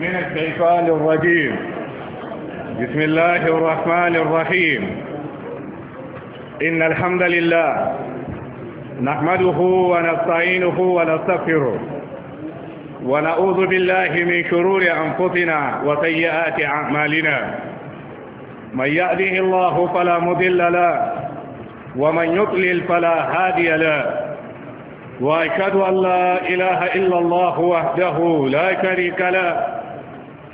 من الشيطان الرجيم بسم الله الرحمن الرحيم إن الحمد لله نحمده ونستعينه ونستغفره ونعوذ بالله من شرور أنفسنا وسيئات أعمالنا من يأذه الله فلا مضل له ومن يضلل فلا هادي له وأشهد أن لا إله إلا الله وحده لا شريك له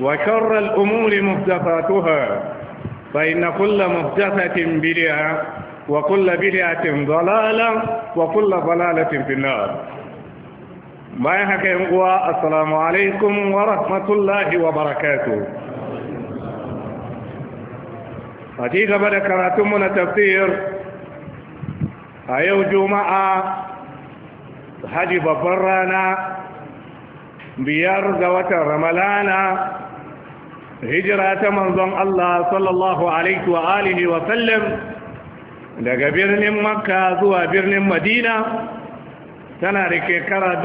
وشر الأمور محدثاتها فإن كل محدثة بدعة وكل بدعة ضلالة وكل ضلالة في النار ما يحكي السلام عليكم ورحمة الله وبركاته حقيقة بدأ كراتمنا تفسير أيو جمعة حجب برانا biyar ga watan ramalana hijira ta manzon Allah sallallahu alaihi wa alihi wa sallam daga birnin makka zuwa birnin madina tana da kekara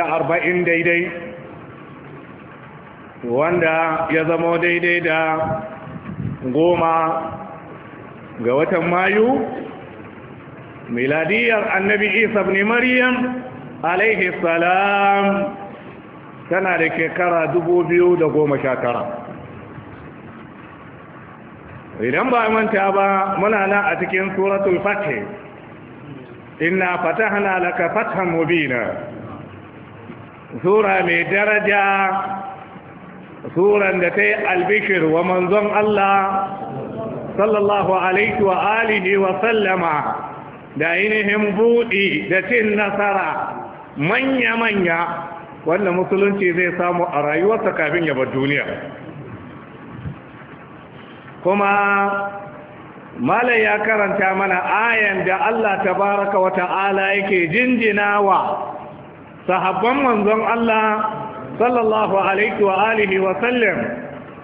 arba'in daidai wanda ya zama daidai da goma ga watan mayu miladiyar annabi isa ibn maryam alaihi salam tana da shekara tara. idan ba manta ba muna nan a cikin suratul fatih inna fatahna laka fathan mubina sura mai daraja suran da ta yi albishir wa manzon Allah sallallahu alaihi wa alihi wa sallama da ainihin buɗi da cin nasara manya-manya wanda musulunci zai samu a rayuwarsa kafin ya bar duniya kuma malai ya karanta mana ayan da Allah tabaraka wa ta'ala yake jinjinawa sahabban manzon Allah sallallahu alaihi wa alihi wa sallam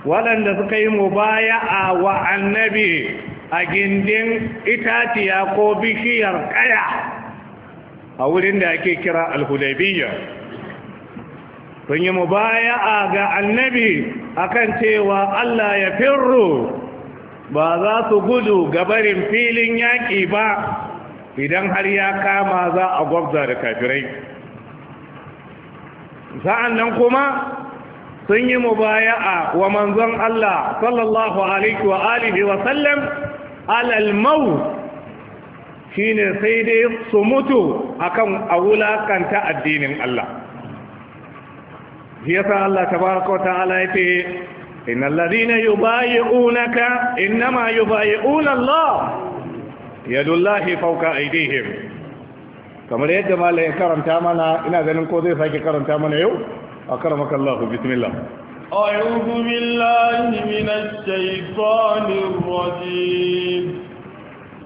waɗanda suka yi mubaya'a wa annabi a gindin itaciya ko bishiyar kaya a wurin da ake kira Alhudabiya, sun yi mubaya'a ga annabi a kan cewa Allah ya firru ba za su gudu ga barin filin yaƙi ba idan har ya kama za a gwabza da kafirai sa'an nan kuma sun yi mubaya'a wa manzon Allah sallallahu alaihi wa alihi wa sallam alal shine sai dai su mutu akan a wulakanta addinin Allah yasa Allah tabaraka wa ta'ala yace innal ladina yubayi'unaka innama yubayi'una Allah yadullahi fawqa aydihim kamar yadda malai ya karanta mana ina ganin ko zai sake karanta mana yau akramaka Allah bismillah أعوذ بالله من الشيطان الرجيم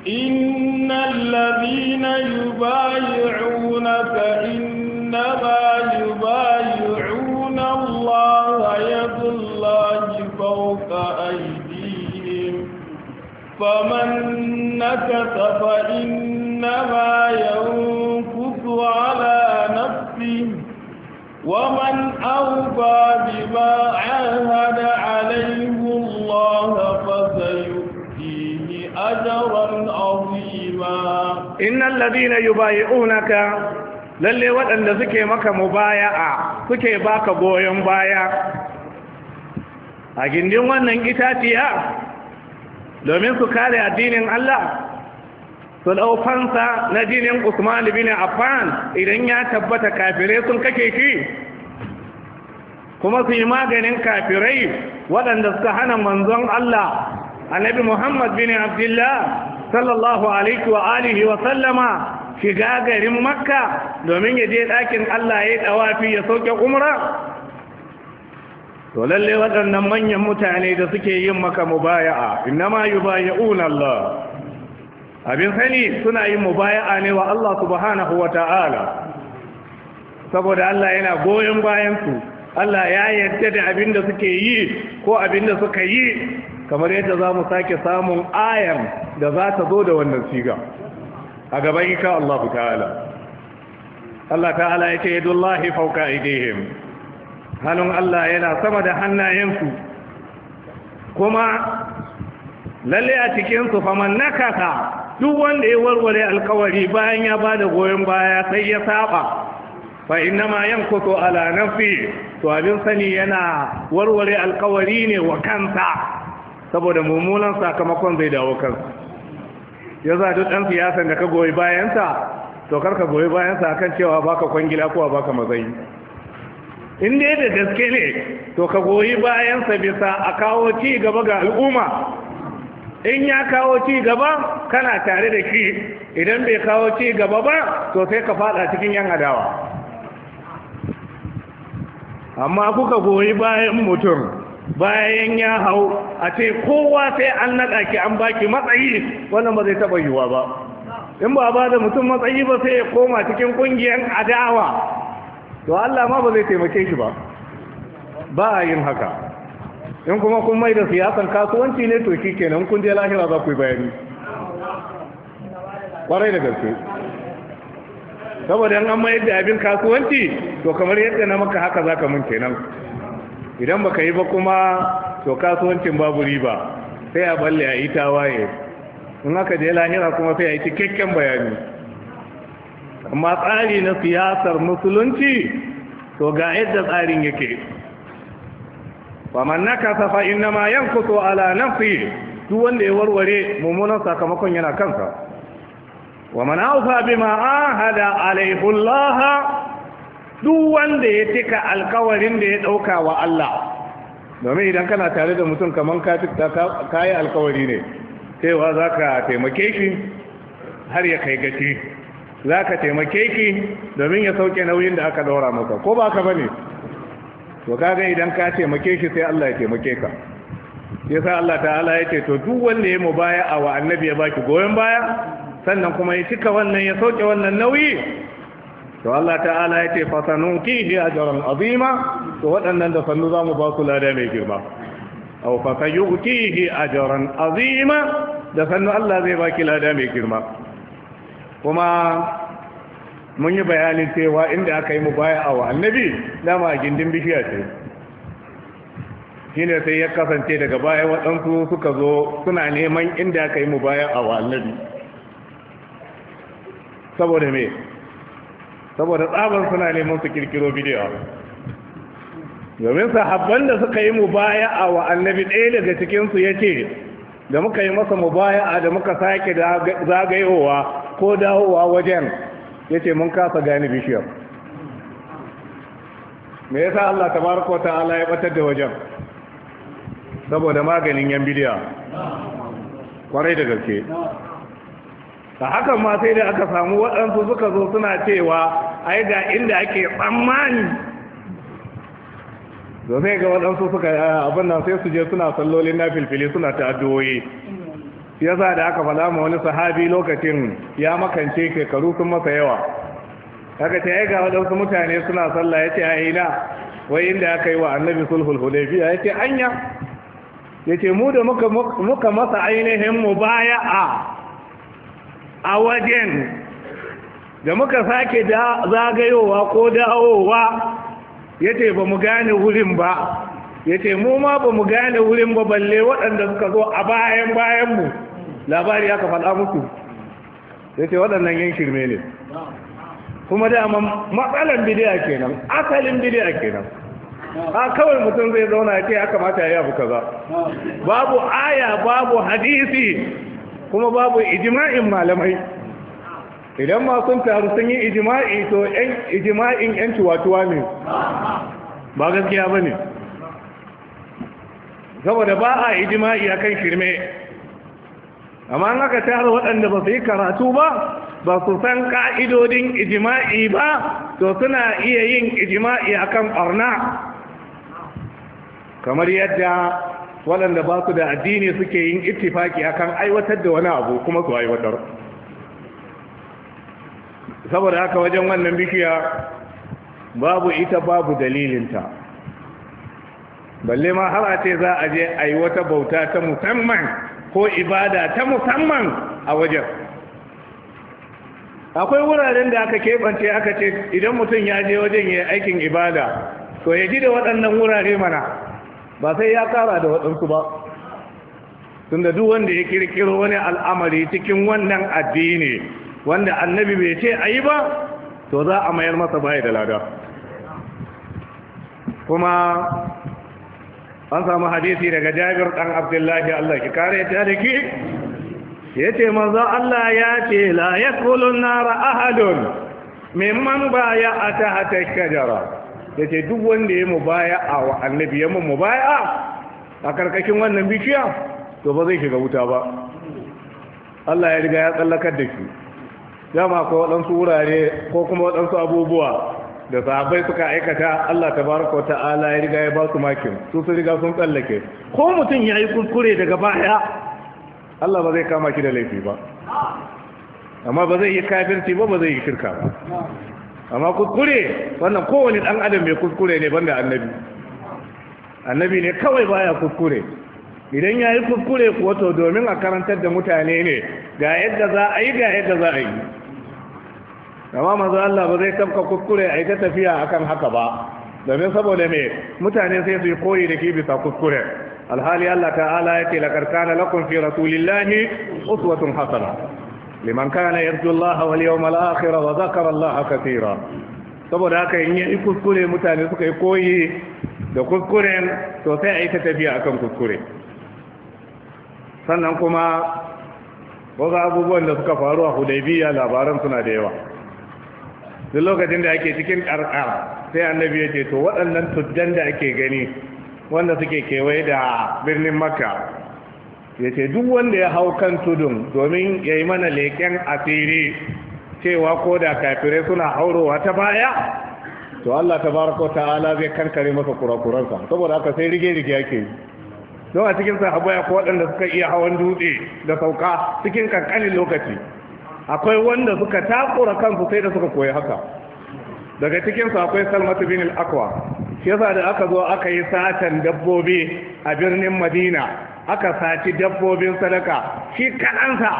إن الذين يبايعونك إنما يبايعون الله يد الله فوق أيديهم فمن نكث فإنما ينكث على نفسه ومن أوفى بما عاهد عليه الله أجرا na إن الذين يبايعونك lalle waɗanda suke maka a suke baka goyon baya a gindin wannan itaciya domin su kare addinin Allah su ɗau fansa na jinin Usman bin Affan idan ya tabbata kafirai sun kake ki kuma su yi maganin kafirai waɗanda suka hana manzon Allah annabi muhammad bin abdullah sallallahu alaihi wa alihi wa sallama shiga garin makka domin ya je ɗakin allah ya yi ɗawafi ya sauke umra to lalle waɗannan manyan mutane da suke yin maka mubaya'a innama yubayi'una Allah abin sani suna yin mubaya'a ne wa Allah subhanahu wata'ala saboda Allah yana goyon bayan su Allah ya yarda da abin da suke yi ko abin da suka yi kamar yadda za mu sake samun ayar da za ta zo da wannan siga a gaban ika Allah ta'ala Allah ta'ala ya ce yadullahi fauka aidihim hannun Allah yana sama da hannayensu kuma lalle a cikinsu faman kaka duk wanda ya warware alkawari bayan ya ba da goyon baya sai ya saba fa innama yankutu ala nafsi to abin sani yana warware alkawari ne wa kansa saboda mummunan sakamakon zai dawo kansa ya za duk ɗan siyasan da ka goyi bayansa to kar ka goyi bayansa kan cewa baka kwangila ko baka mazayi in dai da gaske ne to ka goyi bayansa bisa a kawo ci gaba ga al'umma in ya kawo ci gaba kana tare da shi idan bai kawo ci gaba ba to sai ka fada cikin yan adawa amma kuka goyi bayan mutum bayan ya hau a ce kowa sai an naɗa ki an baki matsayi wannan ba zai taɓa yiwuwa ba in ba ba da mutum matsayi ba sai ya koma cikin ƙungiyar adawa to Allah ma ba zai taimake shi ba ba a yin haka in kuma kun mai da siyasan kasuwanci ne to shi kenan kun je lahira za ku yi bayani kwarai da gaske saboda an mayar da abin kasuwanci to kamar yadda na maka haka za ka mun kenan idan baka yi ba kuma to kasuwancin babu riba sai a balle a yi tawaye in aka je lahira kuma sai a yi cikakken bayani amma tsari na siyasar musulunci to ga yadda tsarin yake faman naka safa inna ma yankusu ala nafsi duk wanda ya warware mummunan sakamakon yana kansa wa man awfa bima ahada alayhi Allah duk wanda ya tika alkawarin da ya ɗauka wa Allah domin idan kana tare da mutum kamar ka yi alkawari ne cewa za taimake shi har ya kai gaci za ka taimake shi domin ya sauke nauyin da aka daura masa ko ba ka bane to kaga idan ka taimake shi sai Allah ya taimake ka yasa Allah ta'ala yake to duk wanda ya mubaya'a wa annabi ya baki goyen baya sannan kuma ya cika wannan ya sauke wannan nauyi to Allah ta'ala ya ce fasanutihi ajran azima to waɗannan da sannu zamu ba su lada mai girma aw fasayutihi ajran azima da sannu Allah zai baki lada mai girma kuma mun yi bayanin cewa inda aka yi mubaya wa annabi dama a gindin bishiya ce shine sai ya kasance daga baya waɗansu suka zo suna neman inda aka yi mubaya wa annabi saboda me saboda tsaban suna neman su kirkiro bidiyo domin sahabban da suka yi a wa annabi ɗaya daga cikinsu ya ce da muka yi masa a da muka sake zagayowa ko dawowa wajen ya ce mun kasa gani bishiyar me yasa Allah ta tabaraka ta'ala ya batar da wajen saboda maganin yan bidiya kwarai da gaske ta hakan ma sai da aka samu waɗansu suka zo suna cewa ai da'in inda ake tsammani da sai ga waɗansu suka ah, abin nan sai su je suna sallolin na filfili suna ta Ya sa da aka fada ma wani sahabi lokacin ya makance shekaru sun masa yawa haka ce ai ga waɗansu mutane suna sallah ya ce haina ina wai inda aka yi wa annabi sulhul hudaybiya ya ce anya ya ce mu da muka masa ainihin mu baya a a wajen da muka sake zagayowa ko dawowa ya ce ba mu gane wurin ba ya ce mu ma ba mu gane wurin ba balle waɗanda suka zo a bayan bayanmu labari aka faɗa musu ya ce waɗannan yin shirme ne kuma dama matsalan bidiya kenan asalin bidiya kenan A kawai mutum zai zauna ya ce ya kamata ya yi abu kaza babu aya babu hadisi kuma babu ijima'in malamai idan ma sun taru sun yi ijima'i to ijima'in yan tuwatuwa ne ba gaskiya ba ne saboda ba a ijima'i a kan shirme amma an aka taru waɗanda ba su yi karatu ba ba su san ƙa'idodin ijima'i ba to suna iya yin ijima'i a kan ɓarna kamar yadda waɗanda ba su da addini suke yin ittifaki akan aiwatar da wani abu kuma su aiwatar saboda haka wajen wannan bikiya, babu ita babu dalilinta balle ma har a ce za a je a yi wata bauta ta musamman ko ibada ta musamman a wajen akwai wuraren da aka keɓance aka ce idan mutum ya je wajen ya aikin ibada to ya ji da waɗannan wurare mana ba sai ya kara da waɗansu ba tunda duk wanda ya kirkiro wani al'amari cikin wannan addini wanda annabi bai ce ayi ba to za a mayar masa baya da lada kuma an samu hadisi daga jabir ɗan abdullahi Allah ki kare ta da ki ce manzo Allah ya ce la kulun nar ahadun mimman baya ta hatta kajara Da ce duk wanda ya mubaya a wa annabi ya mun mubaya a karkashin wannan bishiya to ba zai shiga wuta ba Allah ya riga ya tsallakar da shi dama ko waɗansu wurare ko kuma waɗansu abubuwa da sahabbai suka aikata Allah tabaraka wa ta'ala ya riga ya ba su makin su su riga sun tsallake ko mutum ya yi kuskure daga baya Allah ba zai kama shi da laifi ba amma ba zai yi kafirci ba ba zai yi shirka ba amma kuskure wannan kowane dan adam mai kuskure ne banda annabi annabi ne kawai baya kuskure idan ya yi kuskure kuwa to domin a karantar da mutane ne ga yadda za a yi ga yadda za a yi amma manzo Allah ba zai tafka kuskure a yi ta tafiya akan haka ba domin saboda mai mutane sai su yi koyi da ke bisa kuskure alhali Allah ta'ala yake laqad na lakum fi rasulillahi uswatun hasana liman kana yarju Allah wal yawmal akhir wa zakara Allah kaseera saboda haka in yi kuskure mutane suka yi koyi da kuskuren to sai a yi ta tafiya akan kuskure sannan kuma wasu abubuwan da suka faru a hudaibiya labaran suna da yawa duk lokacin da ake cikin ƙarƙar sai annabi ya ce to waɗannan tuddan da ake gani wanda suke kewaye da birnin makka ya ce duk wanda ya hau kan tudun domin ya yi mana leƙen asiri cewa ko da kafirai suna haurowa ta baya to Allah ta baraka ta'ala zai kankare masa kurakuransa saboda haka sai rige-rige yake don a cikin sahabbai akwai waɗanda suka iya hawan dutse da sauka cikin kankanin lokaci akwai wanda suka takura kansu sai da suka koyi haka daga cikinsu akwai salmatu bin al-akwa shi yasa da aka zo aka yi satan dabbobi a birnin madina aka saci dabbobin sadaka shi kaɗansa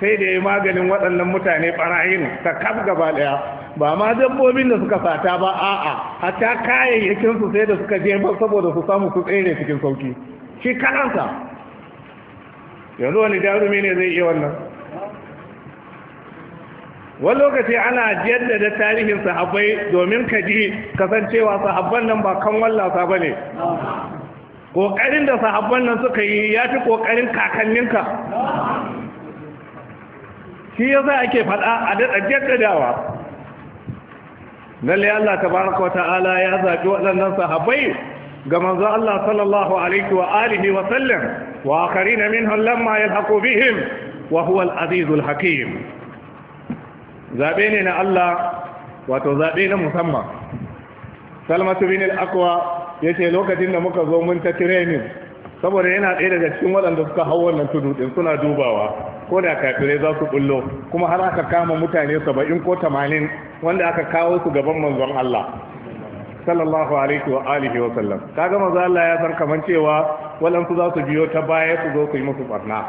sai da ya maganin waɗannan mutane ɓarayin ta kaf gaba ɗaya ba ma dabbobin da suka sata ba a'a hatta kayayyakinsu sai da suka jefa saboda su samu su tsere cikin sauki shi kaɗansa yanzu wani jarumi ne zai iya wannan wani lokaci ana jaddada tarihin sahabbai domin ka ji kasancewa sahabban nan ba kan wallasa ba ne ƙoƙarin da sahabban nan suka yi ya fi ƙoƙarin kakanninka shi ya ake faɗa a daɗa jaddadawa lalle Allah tabaraka wa ta'ala ya zaɓi waɗannan sahabbai ga manzo Allah sallallahu alaihi wa alihi wa sallam wa akharina minhum lamma yalhaqu bihim wa huwa al-azizul hakim zaɓe ne na Allah wato zaɓe na musamman salmatu bin al-aqwa ya ce lokacin da muka zo mun ta training saboda yana ɗaya daga cikin waɗanda suka hau wannan tudu ɗin suna dubawa ko da kafirai za su bullo kuma har aka kama mutane saba'in ko tamanin wanda aka kawo su gaban manzon Allah sallallahu alaihi wa alihi wa sallam kaga manzon Allah ya san kaman cewa waɗansu za su biyo ta baya su zo su yi musu barna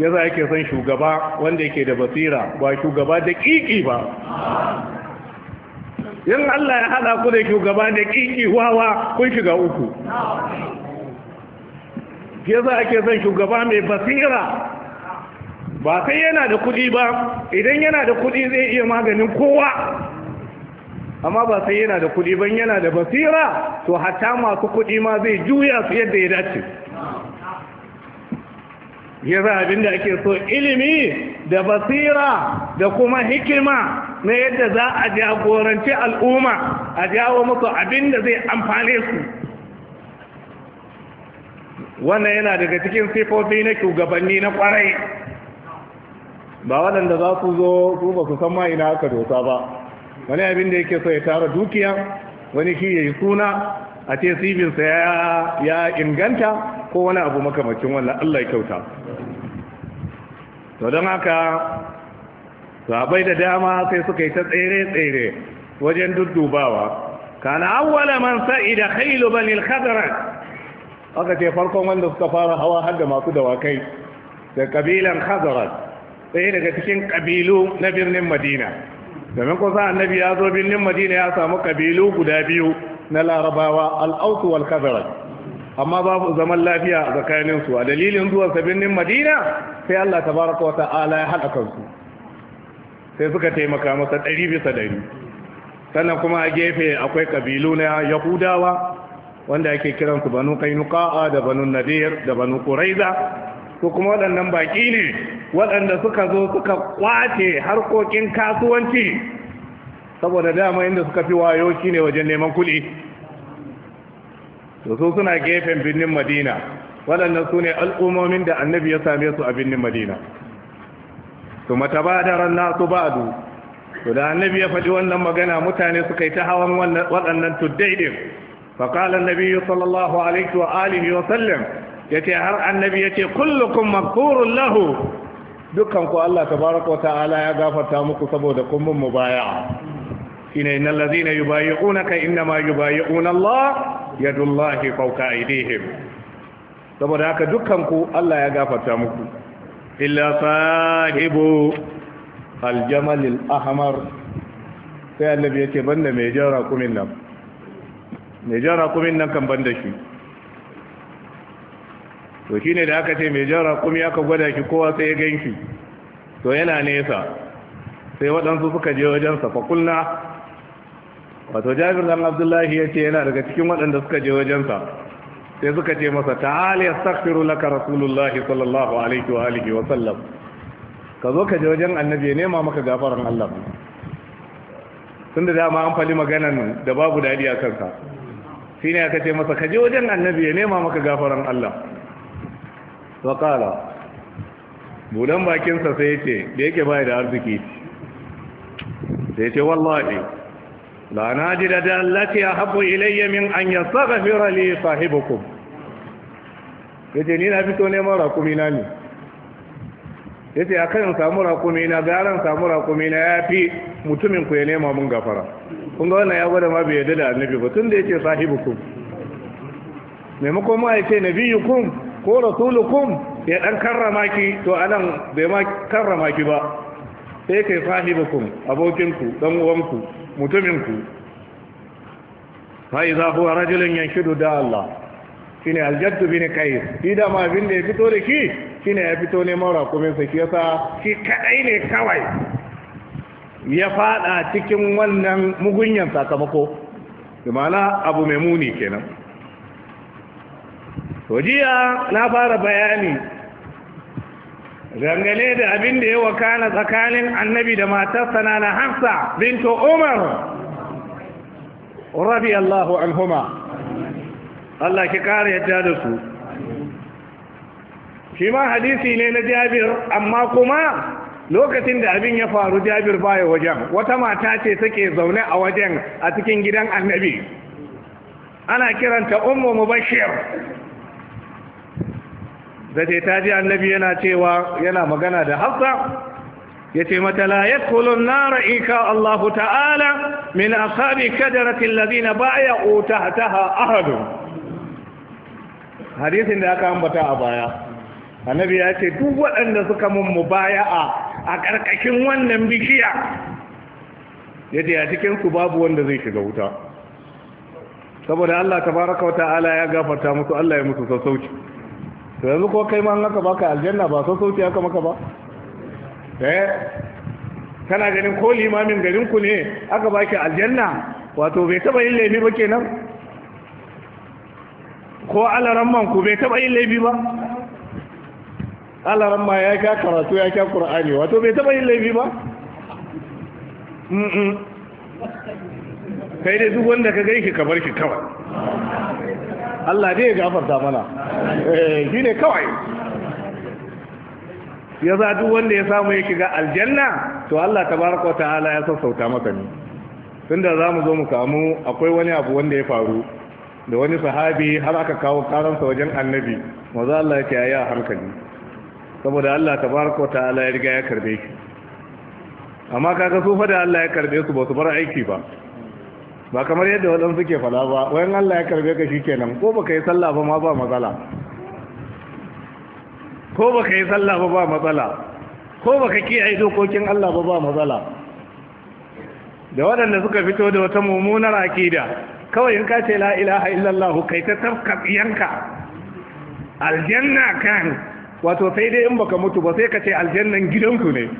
yaza yake son shugaba wanda yake da basira ba shugaba da kiki ba in Allah ya haɗa ku da shugaba da kiki wawa kun shiga uku ke za ake son shugaba mai basira ba sai yana da kudi ba idan yana da kudi zai iya maganin kowa amma ba sai yana da kudi ban yana da basira to hatta masu kuɗi ma zai juya su yadda ya dace ya za abin da ake so ilimi da basira da kuma hikima na yadda za a jagoranci al'umma a jawo musu abin da zai amfane su wannan yana daga cikin sifofi na shugabanni na kwarai ba waɗanda za su zo su ba su san ma ina aka dosa ba wani abin da yake so ya tara dukiya wani shi ya yi suna a ce sibinsa ya inganta ko wani abu makamacin wannan allah ya kyauta to don haka sahabbai da dama sai suka yi ta tsere-tsere wajen duddubawa kana awwala man sa'ida khailu bani al-khazraj aka ce farkon wanda suka fara hawa har da masu dawakai da kabilan khazraj sai daga cikin kabilu na birnin madina domin kusa annabi ya zo birnin madina ya samu kabilu guda biyu na larabawa al-aus wal khazraj amma babu zaman lafiya a tsakaninsu a dalilin zuwan birnin madina sai Allah tabaraka wa ta'ala ya haɗa kansu sai suka taimaka masa ɗari bisa ɗari sannan kuma a gefe akwai kabilu na yahudawa wanda ake kiransu banu kainuka'a da banu nadir da banu kuraiza su kuma waɗannan baƙi ne waɗanda suka zo suka kwace harkokin kasuwanci saboda dama inda suka fi wayo ne wajen neman kuɗi to su suna gefen birnin madina waɗannan su ne al'ummomin da annabi ya same su a birnin madina ثم تبادر الناس بعد ودا النبي فجي wannan magana mutane suka yi ta hawan waɗannan tuddaidin فقال النبي صلى الله عليه واله وسلم yace har annabi yace kullukum maghfurun lahu dukan ku Allah tabaaraka ta'ala ya gafarta muku saboda kun mun mubaya'a shine innal ladhina yubayi'unaka inma yubayi'una Allah yadullahi fawqa aydihim saboda haka dukan ku Allah ya gafarta muku illa sahibu aljamal al sai annabi yace banda mai jan raƙumin raƙumin nan kan banda shi to shine da aka ce mai jan raƙumi aka gwada shi kowa sai ya ganki to yana nesa sai waɗansu suka je wajensa fakulna wato jabir dan abdullahi ya ce yana daga cikin waɗanda suka je wajensa sai suka ce masa ta'ali astaghfiru laka rasulullahi sallallahu alaihi wa alihi wa sallam ka zo ka je wajen annabi ya nema maka gafaran Allah tun da dama an fali maganan da babu dadi a kanka ne aka ce masa ka je wajen annabi ya nema maka gafaran Allah wa kala budan bakin sa sai ce da yake bai da arziki sai ce wallahi la ji da allati ahabbu ilayya min an yastaghfira li sahibukum ce ni na fito neman rakumi na ne a akan samu rakumi na garan samu rakumi na yafi mutumin ku ya nema mun gafara kun ga wannan ya gwada ma bai yarda da annabi ba tunda yace sahibukum maimakon ma biyu kun, ko rasulukum ya dan karrama ki to anan bai ma karrama ki ba sai kai sahibukum abokinku dan uwanku mutumin ku fa iza huwa rajulun yanshudu da Allah shine aljaddu bin kayr shi ma bin da ya fito da shi shine ya fito ne mara kuma sai shi yasa shi kadai ne kawai ya fada cikin wannan mugunyan sakamako bimala abu mai muni kenan to jiya na fara bayani dangane da abin da ya wakana tsakanin annabi da matarsa na hafsa bintu umar Allahu, anhuma Allah ki kare yadda da su shi ma hadisi ne na jabir amma kuma lokacin da abin ya faru jabir baya wajen wata mata ce take zaune a wajen a cikin gidan annabi ana kiranta umar mubashir da ce ta ji annabi yana cewa yana magana da hafsa ya ce mata la kulun nara ika Allahu ta'ala min ashabi kadarati alladhina bay'u tahtaha ahad hadisin da aka ambata a baya annabi ya ce duk waɗanda suka mun mubaya'a a ƙarƙashin wannan bishiya ya ce a cikin su babu wanda zai shiga wuta saboda Allah tabaraka wa ta'ala ya gafarta musu Allah ya musu sassauci to yanzu ko kai ma haka baka aljanna ba so sauti haka maka ba eh kana ganin ko limamin garin ku ne aka baki aljanna wato bai taba yin laifi ba kenan ko alaramman ku bai taba yin laifi ba alaramma ya kya karatu ya kya qur'ani wato bai taɓa yin laifi ba? kai dai duk wanda ka gaishe ka bar shi kawai Allah ne ya gafarta mana eh, shi ne kawai ya za duk wanda ya samu ya kiga aljanna to Allah tabaraka wa ta'ala ya sassauta maka ne da za mu zo mu kamu akwai wani abu wanda ya faru da wani sahabi har aka kawo karansa wajen annabi maza Allah ya kiyaye a hankali saboda Allah tabaraka wa ta'ala ya riga ya karbe shi amma kaga su fa da Allah ya karbe su ba su bar aiki ba ba kamar yadda waɗansu ke fada ba wayan Allah ya karbe ka shikenan ko baka yi sallah ba ma ba matsala ko baka yi sallah ba ba matsala ko baka kiyaye dokokin Allah ba ba matsala da waɗanda suka fito da wata mummunar akida kawai in ka ce la ilaha illallah kai ta tafka yanka aljanna kan wato sai dai in baka mutu ba sai ka ce aljannan gidanku ne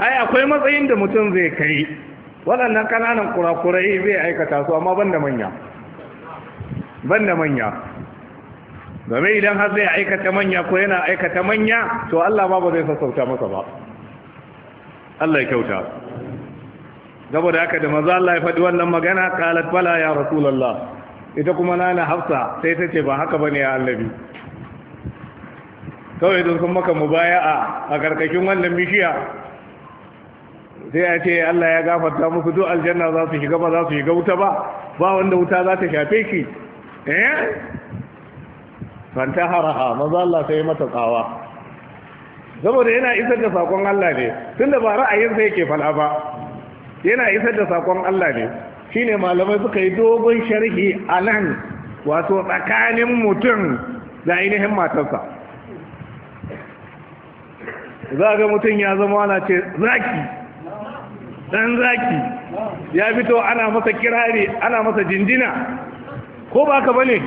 ai akwai matsayin da mutum zai kai waɗannan ƙananan kurakurai zai aikata su amma ban da manya ban da manya game idan har zai aikata manya ko yana aikata manya to Allah ma ba zai sassauta masa ba Allah ya kyauta saboda haka da maza Allah ya faɗi wannan magana qalat bala ya rasulullah ita kuma nana hafsa sai ta ce ba haka ba bane ya annabi kawai don sun maka mubaya'a a karkashin wannan bishiya sai ya ce Allah ya gafarta musu duk aljanna za su shiga ba za su shiga wuta ba ba wanda wuta za ta shafe ki eh fanta haraha maza Allah sai mata tsawa saboda yana isar da sakon Allah ne tunda ba ra'ayin sai yake fala ba yana isar da sakon Allah ne shine malamai suka yi dogon sharhi anan wato tsakanin mutum da ainihin matarsa za ga mutum ya zama ana ce zaki dan zaki ya fito ana masa kirari ana masa jinjina ko ba ka bane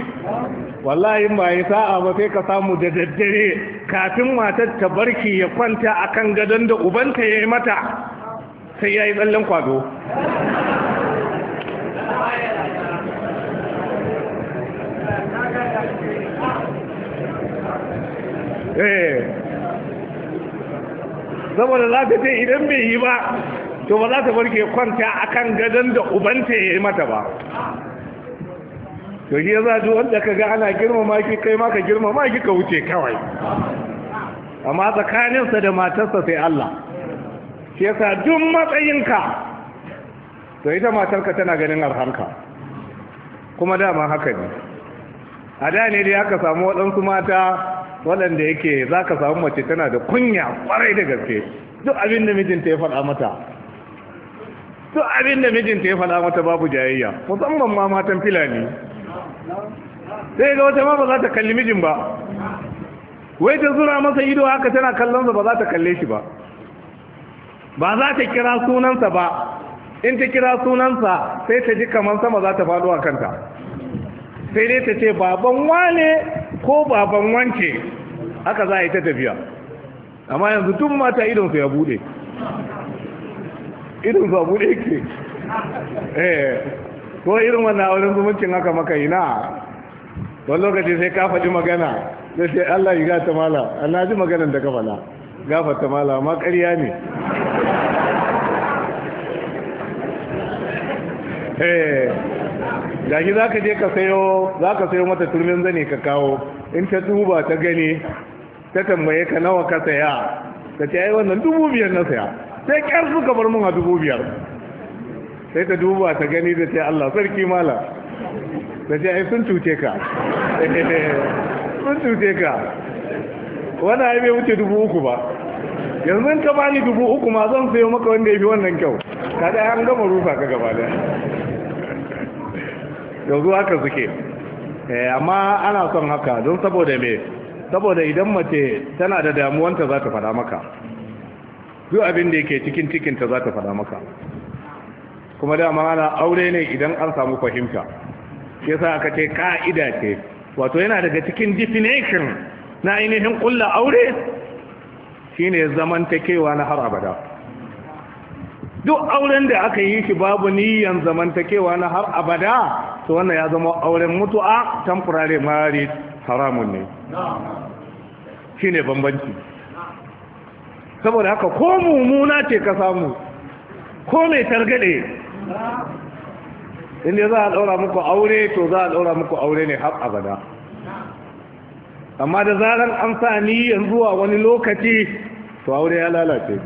wallahi ba sa'a ba sai ka samu da daddare kafin matar ta barki ya kwanta akan gadon da ubanta ya yi mata sai ya yi tsallen kwado eh. saboda za ta ce idan bai yi ba to ba za ta barke kwanta akan gadon da ubanta ya yi mata ba to ya za ji wanda ka ga ana girmama ki kai ma ka girmama ki ka wuce kawai amma tsakaninsa da matarsa sai Allah shi sa duk matsayinka to ita matarka tana ganin arhanka kuma dama haka ne a da ne dai aka samu waɗansu mata waɗanda yake za ka samu mace tana da kunya ƙwarai da gaske duk abin da mijinta ya faɗa mata to abin da mijinta ya faɗa mata babu jayayya musamman ma matan filani sai ga wata ma ba za ta kalli mijin ba wai ta zura masa ido haka tana kallon sa ba za ta kalle shi ba ba za ta kira sunansa ba in ta kira sunansa sai ta ji kamar sama za ta faɗo a kanta sai dai ta ce baban wane ko baban wance haka za a yi ta tafiya amma yanzu tun mata idonsu ya buɗe irin zabu ne ke eh ko irin wannan wurin zumuncin haka maka na, wani lokaci sai ka faɗi magana sai sai Allah yi gata mala Allah ji maganan da ka faɗa gafata mala ma ƙarya ne da eh, shi za ka je ka sayo za ka sayo mata turmin zane ka kawo in ta duba ta gani ta tambaye ka nawa ka saya ka ce ai wannan dubu biyar na saya sai kyar suka bar mun a dubu biyar sai ta duba ta gani da ce Allah sarki mala da ce ai sun cuce ka sun cuce ka wani ai wuce dubu uku ba yanzu ka bani dubu uku ma zan sayo maka wanda ya fi wannan kyau ka da an gama rufa ka gaba da yanzu haka suke eh, amma ana son haka don saboda me saboda idan mace tana da damuwanta za ta faɗa maka duk abin da yake cikin cikinta za ta faɗa maka kuma dama ana aure ne idan an samu fahimta shi yasa aka ce ka'ida ce wato yana daga cikin definition na ainihin kulla aure shine takewa na har abada duk auren da aka yi shi babu niyan zamantakewa na har abada to wannan ya zama auren mutu'a temporary marriage haramun ne shine bambanci saboda haka ko mummuna ce ka samu ko mai targade inda za a ɗaura muku aure to za a ɗaura muku aure ne har abada amma da zarar an sa niyyar zuwa wani lokaci to aure ya lalace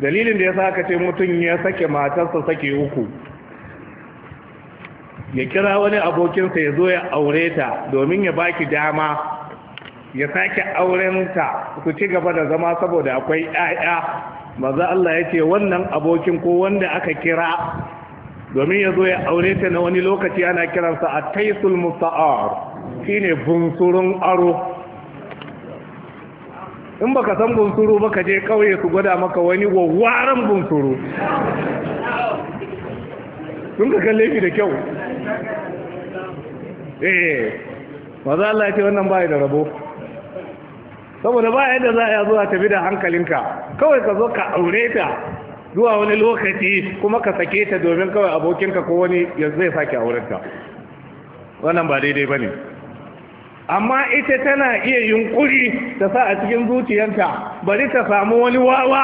dalilin da ya sa ce mutum ya sake matarsa sake uku ya kira wani abokinsa ya zo ya aure ta domin ya baki dama ya sake aurenta ku ci gaba da zama saboda akwai ƴaƴa maza Allah ya ce wannan abokin ko wanda aka kira domin ya zo ya aure ta na wani lokaci ana kiransa a taisul musta'ar shine bunsurun aro in baka san bunsuru baka je kauye su gwada maka wani wawaran bunsuru sun ka kalle shi da kyau eh maza Allah ya ce wannan bai da rabo saboda ba yadda za a zuwa tafi da hankalinka kawai ka zo ka aure ta zuwa wani lokaci kuma ka sake ta domin kawai abokinka ko wani ya zai sake aurenta wannan ba daidai ba ne amma ita tana iya yunkuri ta sa a cikin zuciyarta bari ta samu wani wawa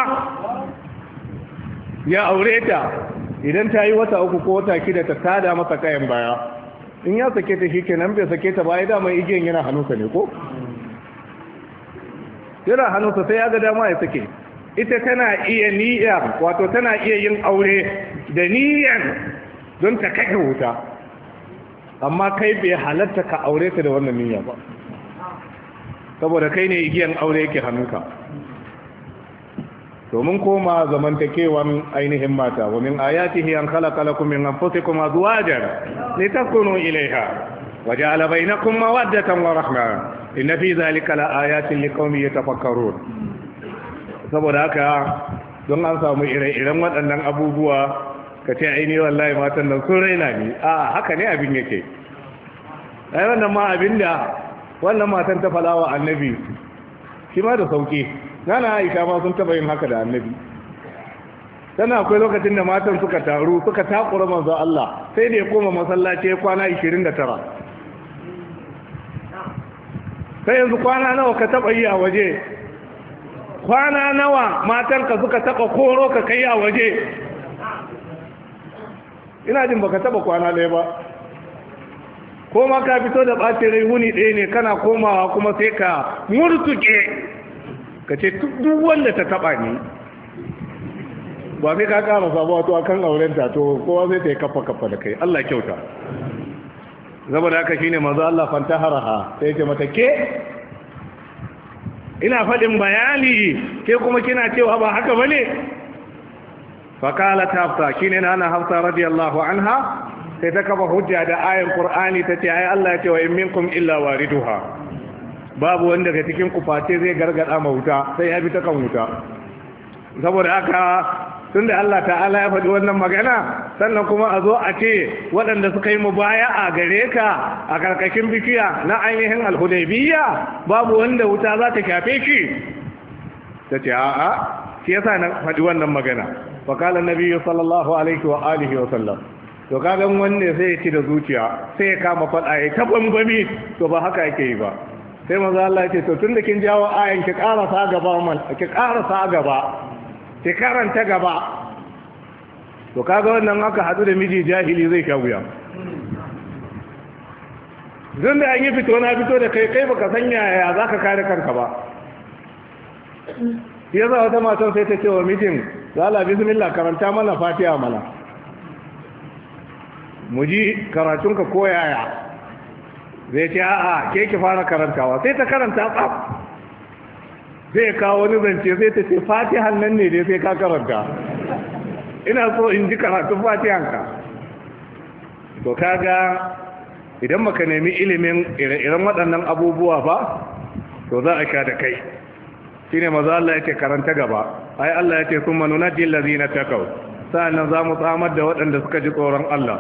ya aure ta idan ta yi wata uku ko wata kida ta tada masa kayan baya in ya sake ta shi kenan bai sake ta ba ya dama igiyan yana hannunsa ne ko yana hannunsa sai ya ga dama ya sake ita tana iya niyyar wato tana iya yin aure da niyyar don ta kai wuta amma kai bai halatta ka aure ta da wannan niyya ba saboda kai ne igiyan aure yake hannunka domin koma zamantakewan ainihin mata wa min ayatihi an khalaqa lakum min anfusikum azwajan litakunu ilayha wa ja'ala bainakum mawaddatan wa rahmah inna fi zalika la ayatin liqaumin yatafakkarun saboda haka don an samu ire-iren waɗannan abubuwa ka ce aini wallahi matan nan sun raina ni a haka ne abin yake ai wannan ma abin da wannan matan ta falawa annabi shi ma da sauki nana aisha ma sun taba yin haka da annabi tana akwai lokacin da matan suka taru suka takura manzo Allah sai da ya koma masallaci ya kwana 29 sai yanzu kwana nawa ka taba yi a waje kwana nawa matanka suka taba koro ka kai a waje ina jin baka taba kwana ɗaya ba ko ma ka fito da ɓace rai wuni ɗaya ne kana komawa kuma sai ka murtuke ka ce duk wanda ta taba ni ba sai ka kara sabuwa to akan auren to kowa sai ta yi kafa kafa da kai Allah kyauta saboda haka shine manzo Allah fantaharaha sai ce mata ke ina faɗin bayani ke kuma kina cewa ba haka bane faqalat hafsa shine nana hafsa radiyallahu anha sai ta kafa hujja da ayan qur'ani tace ai Allah ya ce wa in minkum illa wariduha babu wanda daga cikin ku face zai gargada ma wuta sai ya bi ta kan wuta saboda haka tunda Allah ta'ala ya faɗi wannan magana sannan kuma a zo a ce waɗanda suka yi mubaya a gare ka a ƙarƙashin bikiya na ainihin alhudaibiyya babu wanda wuta za ta shafe shi ta ce a'a shi sa na faɗi wannan magana wa kala nabiyyu sallallahu alaihi wa alihi wa sallam to kagan wanne sai ya ci da zuciya sai ya kama faɗa ya ta bambami to ba haka yake yi ba sai maza Allah ya ce to tunda kin jawo ayan ki karasa gaba man ki karasa gaba shekaran karanta gaba to kaga wannan aka hadu da miji jahili zai sha wuya zan da an yi fito na fito da kai kai baka sanya ya za ka kare kanka ba ya za wata matan sai ta ce wa mijin zala bismillah karanta mana fatiha mana mu ji karatunka koyaya. yaya zai ce a'a ke ki fara karantawa sai ta karanta tsaf zai kawo wani zance zai ta ce fatihan nan ne dai sai ka karanta ina so in ji karatun fatihan ka to kaga idan maka nemi ilimin ire-iren waɗannan abubuwa ba to za a sha da kai shine maza Allah ce karanta gaba ai Allah ce sun nuna dillazi na takau sa'annan za mu tsamar da waɗanda suka ji tsoron Allah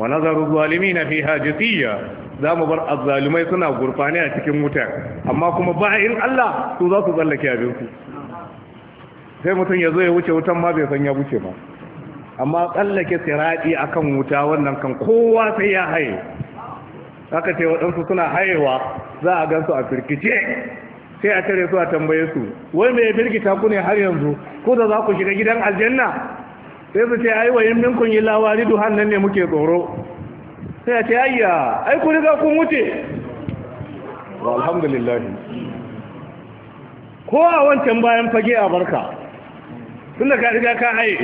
wa nazaru zalimi na fi hajjisiyya za mu bar azzalumai suna gurfani a cikin wuta. amma kuma in Allah su za su tsallake abinsu sai mutum ya zo ya wuce wutan ma bai san ya wuce ba amma tsallake siradi akan wuta wannan kan kowa sai ya haye haka ce waɗansu suna hayewa za a gansu a firkice sai a tare su a tambaye su wai mai birgita ku ne har yanzu ko da za ku shiga gidan aljanna sai su ce ai wayin minkun yi lawari duhan nan ne muke tsoro sai ta ce ayya ai ku riga kun wuce wa alhamdulillah ko a wancan bayan fage a barka tun da ka riga ka haye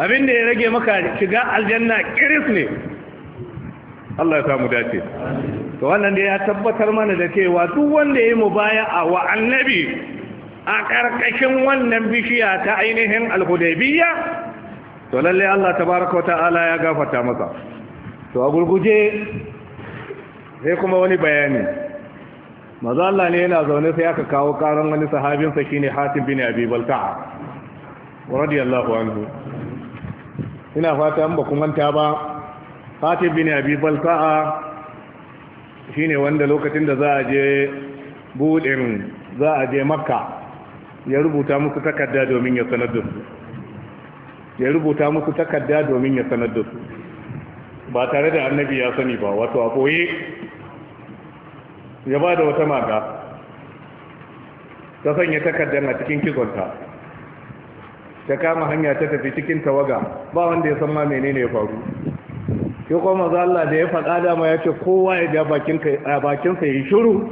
abin da ya rage maka shiga aljanna kiris ne Allah ya samu dace to wannan da ya tabbatar mana da cewa duk wanda ya yi mubaya'a wa annabi a ƙarƙashin wannan bishiya ta ainihin alhudaibiyya to lalle Allah tabaraka wa ta'ala ya gafarta masa to a gurguje sai kuma wani bayani Mazu Allah ne yana zaune sai aka kawo karan wani sahabinsa shine Hatim bin Abi Balta'a radiyallahu anhu ina fata an ba kun manta ba Hatim bin Abi Balta'a shine wanda lokacin da za a je budin za a je Makka ya rubuta musu takarda domin ya sanar da su ya rubuta musu takarda domin ya sanar da su ba tare da annabi ya sani ba wato a ɓoye ya ba da wata mata ta sanya takardar a cikin kizonta ta kama hanya ta tafi cikin tawaga ba wanda ya san ma menene ya faru shi kuma maza Allah da ya faɗa dama ya ce kowa ya ja bakinsa ya yi shiru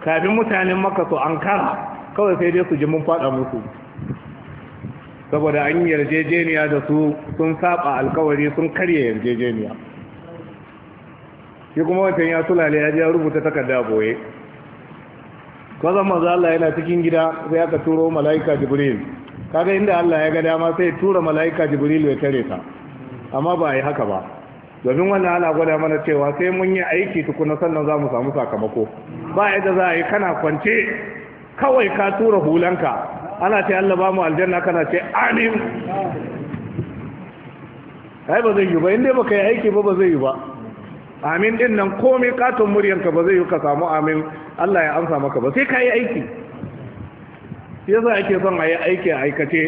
kafin mutanen maka su an kawai sai dai su ji mun faɗa musu saboda an yarjejeniya da su sun saba alkawari sun karye yarjejeniya shi kuma wancan ya sulale ya je ya rubuta takarda boye kwazon maza Allah yana cikin gida sai aka turo mala'ika jibril kaga inda Allah ya ga dama sai tura mala'ika jibril ya tare ta amma ba a yi haka ba domin wannan ana gwada mana cewa sai mun yi aiki tukuna sannan za mu samu sakamako ba yadda za a yi kana kwance kawai ka tura hulanka ana ce Allah ba mu aljanna kana ce amin kai ba zai yi ba inda baka yi aiki ba ba zai yi ba amin din nan komai katon muryanka ba zai yi ka samu amin Allah ya amsa maka ba sai ka yi aiki yasa ake son a yi aiki a aikace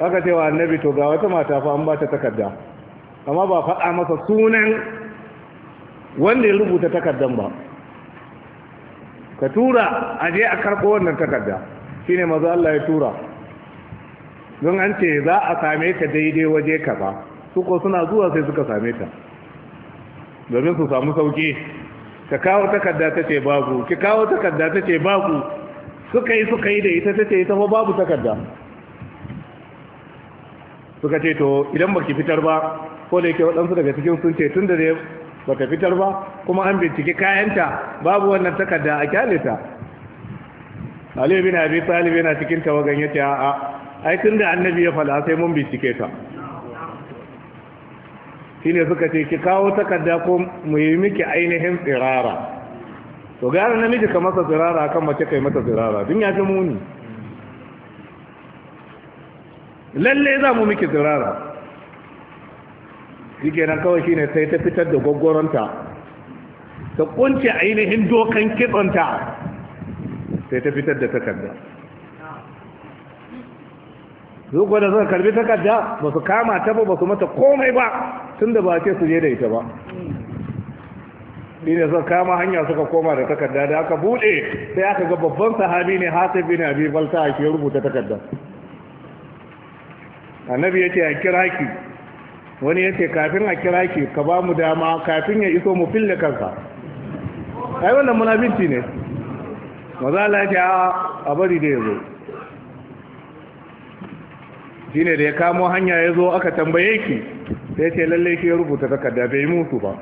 aka ce wa annabi to ga wata mata fa an ba ta takarda amma ba faɗa masa sunan wanda ya rubuta takardan ba ka tura a je a karɓo wannan takarda shine maza Allah ya tura don an ce za a same ka daidai waje ka ba su ko suna zuwa sai suka same ta domin su samu sauki ka kawo takarda ta ce babu ki kawo takarda ta ce babu suka yi suka yi da ita ta ce ita ma babu takarda suka ce to idan baki fitar ba ko da yake waɗansu daga cikin sun ce tun da ba ka fitar ba kuma an bincike kayanta babu wannan takarda a kyale ta Ali bin Abi Talib yana cikin tawagan yace a'a ai tun da annabi ya fada sai mun bincike ta shine suka ce ki kawo takarda ko mu yi miki ainihin tsirara to gara namiji ka masa tsirara kan mace kai mata tsirara din ya fi muni lalle za mu miki tsirara shike nan kawai shine sai ta fitar da gwaggwaronta ta kunce ainihin dokan kitsonta sai ta fitar da takarda duk wanda da karbi takarda ba su kama ta ba ba su mata komai ba tun da ba ce su je da ita ba ne suka kama hanya suka koma da takarda da aka bude sai aka ga babban sahabi ne hasib bin abi balta ke rubuta takarda annabi yace a kira wani yace kafin a kira ka ba mu dama kafin ya iso mu fille kanka ai wannan munafinci ne maza lafi a bari da ya zo shi ne da ya kamo hanya ya zo aka tambaye ki sai ce lallai shi ya rubuta takarda bai mutu ba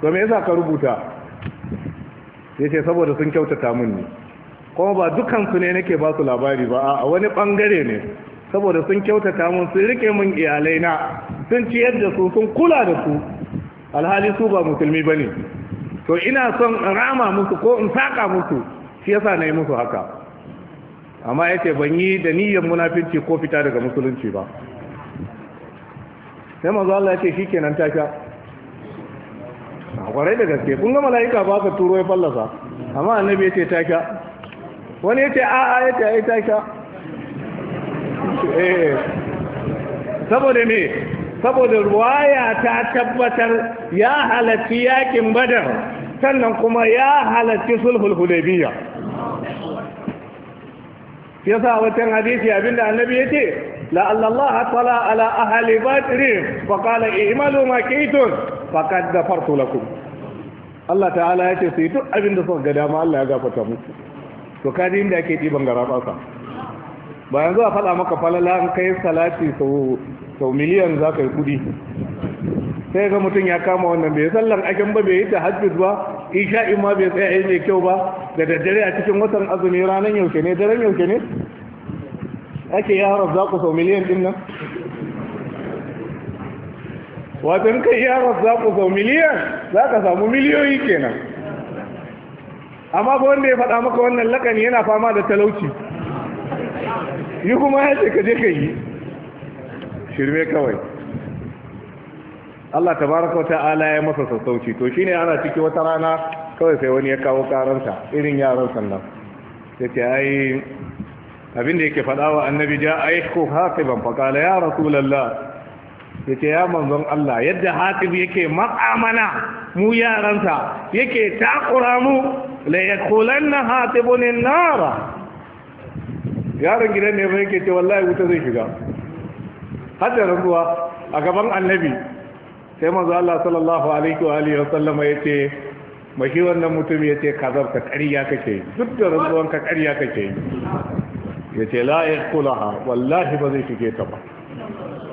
to me yasa ka rubuta ya ce saboda sun kyautata mun ne kuma ba dukansu ne nake ba su labari ba a wani bangare ne saboda sun kyautata mun sun rike mun iyalai na sun ciyar da su sun kula da su alhali su ba musulmi ba ne to ina son in rama musu ko in saka musu shi yasa na yi musu haka amma yake ban yi da niyyar munafinci ko fita daga musulunci ba sai manzo Allah yake shikenan ta sha a kwarai da gaske kun ga mala'ika ba ka turo ya fallasa amma annabi yace ta sha wani yace a a yace ai ta sha eh, eh saboda me saboda ruwaya ta tabbatar ya halatti yakin badar sannan kuma ya halatti sulhul hudaybiyah Ya sa wancan hadisi abinda annabi ya la Allah tala ala ahli badr fa qala i'malu ma fa faqad ghafartu lakum Allah ta'ala ya ce sai duk abinda suka ga dama Allah ya gafarta muku to kaji inda ake diban garaba sa ba yanzu a faɗa maka falala an kai salati sau miliyan za ka yi kudi sai ga mutum ya kama wannan bai sallan aken ba bai yi ta hajjus ba isha'in ma bai tsaye mai kyau ba da daddare a cikin watan azumi ranar yaushe ne daren yaushe ne ake ya harar za ku sau miliyan din nan watan kai ya harar za ku sau miliyan za ka samu miliyoyi kenan amma ba wanda ya faɗa maka wannan lakani yana fama da talauci yi kuma ya ce ka je ka yi shirme kawai Allah ta baraka wata ta'ala ya masa sassauci to shine ana ciki wata rana kawai sai wani ya kawo karanta irin yaran sannan yace ai abin yake faɗa wa annabi ja aishku hatiban faqala ya rasulullah yace ya manzon Allah yadda ya yake ma'amana mu yaransa yake takura mu la na hatibun an-nara yaron gidan ne ba yake ce wallahi wuta zai shiga hadda ruwa a gaban annabi sai manzo Allah sallallahu alaihi wa alihi wasallam yace mashi wannan mutum yace kazabta ƙarya kake duk da rantsuwan ka ƙarya kake yace la yaqulaha wallahi ba zai shige ta ba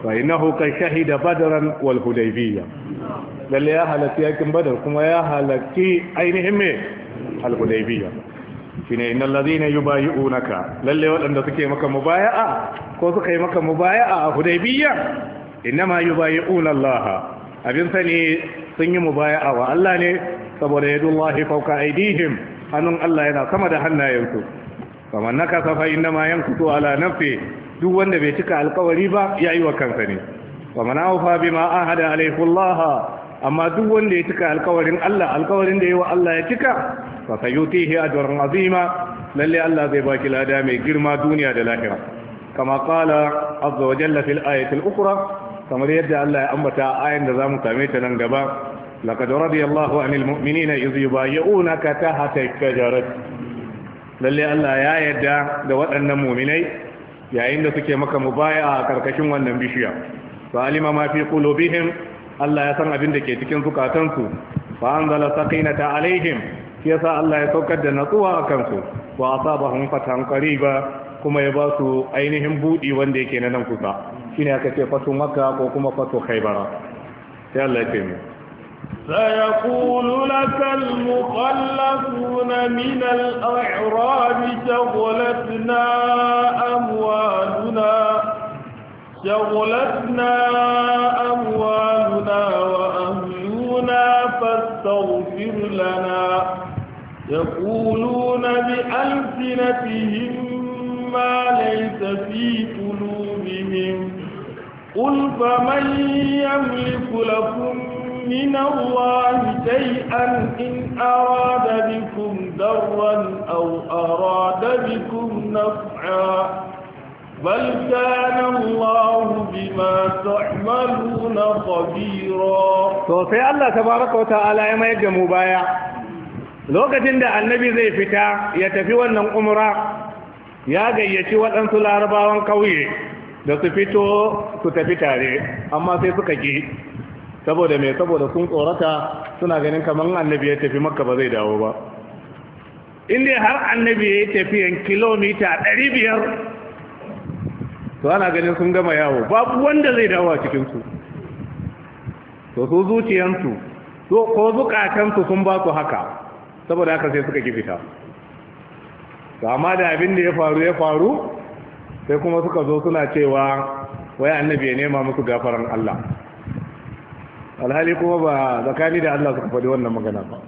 fa innahu kan shahida badran wal hudaybiyah lalle ya halatti yakin badar kuma ya halatti ainihin me al hudaybiyah shine innal ladina yubayi'unaka lalle waɗanda suke maka mubaya'a ko suka yi maka mubaya'a a hudaybiyah innama yubayi'una Allah abin sani sun yi mubaya'a wa Allah ne saboda a fawqa aidihim hannun Allah yana sama da hannayensu kamar na kasa fa inna ma yankutu ala nafsi duk wanda bai cika alkawari ba yi wa kansa ne kamar na ufa bima ahada alayhi Allah amma duk wanda ya cika alkawarin Allah alkawarin da yayi wa Allah ya cika fa sayutihi ajran azima lalle Allah zai baki lada mai girma duniya da lahira kama kala azza wa jalla fil ayati al-ukhra kamar yadda Allah ya ambata ayan da zamu same ta nan gaba laqad radiyallahu anil mu'minina idh yubayyi'unaka tahta shajarat lalle Allah ya yadda da waɗannan mu'minai yayin da suke maka mubaya a karkashin wannan bishiya fa alima ma fi qulubihim Allah ya san abin da ke cikin zukatansu fa anzala saqinata alaihim yasa Allah ya saukar da natsuwa a kansu wa asabahum fatan qariba kuma ya ba su ainihin budi wanda yake na nan kusa shine aka ce fatu makka ko kuma fatu khaybara sai Allah ya ce mu سيقول لك المخلفون من الأعراب شغلتنا أموالنا شغلتنا أموالنا وأهلنا فاستغفر لنا يقولون بألسنتهم ما ليس في قلوبهم قل فمن يملك لكم من الله شيئا إن أراد بكم ضرا أو أراد بكم نفعا بل كان الله بما تعملون خبيرا سوسي الله تبارك وتعالى ما يجمع مبايع lokacin da annabi zai fita ya tafi wannan umra ya gayyaci waɗansu larabawan ƙauye da su fito su tafi tare amma sai suka ki saboda mai saboda sun tsorata suna ganin kamar annabi ya tafi makka ba zai dawo ba inda har annabi ya yan kilomita 500 to ana ganin sun gama yawo babu wanda zai dawo a cikinsu to su zuciyansu ko zukatansu sun ba su haka saboda haka sai suka ki fita to amma da abin da ya faru ya faru sai kuma suka zo suna cewa wai annabi ya nema musu gafaran Allah alhali kuma ba zakani da Allah suka faɗi wannan magana ba